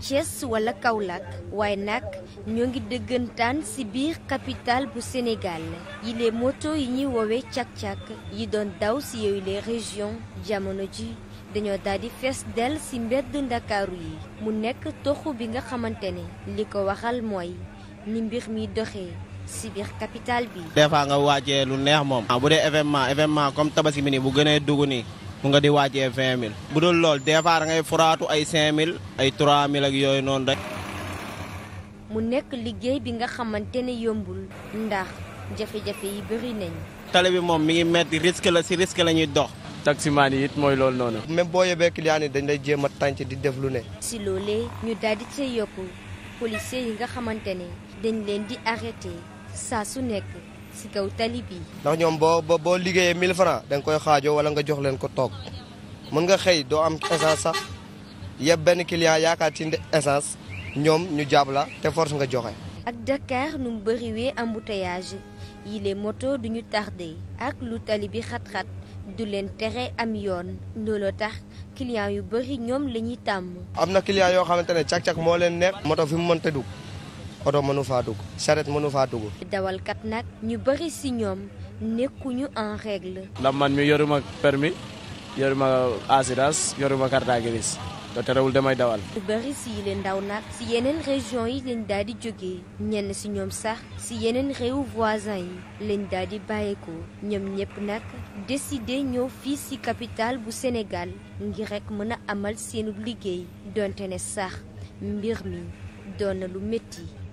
Thiès walla Kaolack waaye nag ñoo ngi dëggantaan ci biir capitale bu Sénégal yi les moto yi ñuy woowee cak-cak yi doon daw ci yooyu les régions jamono ji dañoo daal di fees del ci mbedd ndakaaru yi mu nekk toxu bi nga xamante ne li ko waxal mooy ni mbir mi doxee si biir capitale bi. des nga wàccee lu neex moom. Ah, bu dee événement événement comme tabaski bi nii bu gënee dugg nii. mu nga di wàccee vingt mille bu dul lool des fois da ngay furaatu ay cinq ay yooyu noonu rek. mu nekk liggéey bi nga xamante ne yombul ndax jafe-jafe yi bëri nañ moom mi ngi metti risque la si risque la ñuy dox. taximaan yi it mooy loolu noonu. même boo yóbbee client yi dañ lay jéem a tànc di def ne. si ñu daal di cay yokku yi nga xamante ne dañ leen di arrêté saa su nekk. si kaw tali bi. ndax ñoom boo boo boo liggéeyee 1000 francs da koy xaajoo wala nga jox leen ko toog mën nga xëy doo am essence sax yëpp benn client yaakaar ci essence ñoom ñu jàpp la te force nga joxe. ak Dakar nu mu bëriwee embouteillage yi les moto duñu tardé ak lu tali bi xat-xat du leen tere am yoon looloo tax client yu bëri ñoom la ñuy tàmm. am na client yoo xamante ne càq-càq moo leen neex. moto fi mu mënta dugg. oto mënu faa dugg charrette mënu faa dugg. dawalkat nag ñu bëri si ñoom nekkuñu en règle. ndax man mi yoruma permis yoruma assurance yoruma carte grise te terewul damay dawal. ñu bëri si yile ndaw nag si yeneen région yi lañ daal di jógee ñenn si ñoom sax si yeneen réew voisin yi leen daal di bàyyeekoo ñoom ñëpp nag décidé ñëw fii si capitale bu Sénégal ngir rek mën a amal seenu liggéey donte ne sax mbir mi doon na lu métti.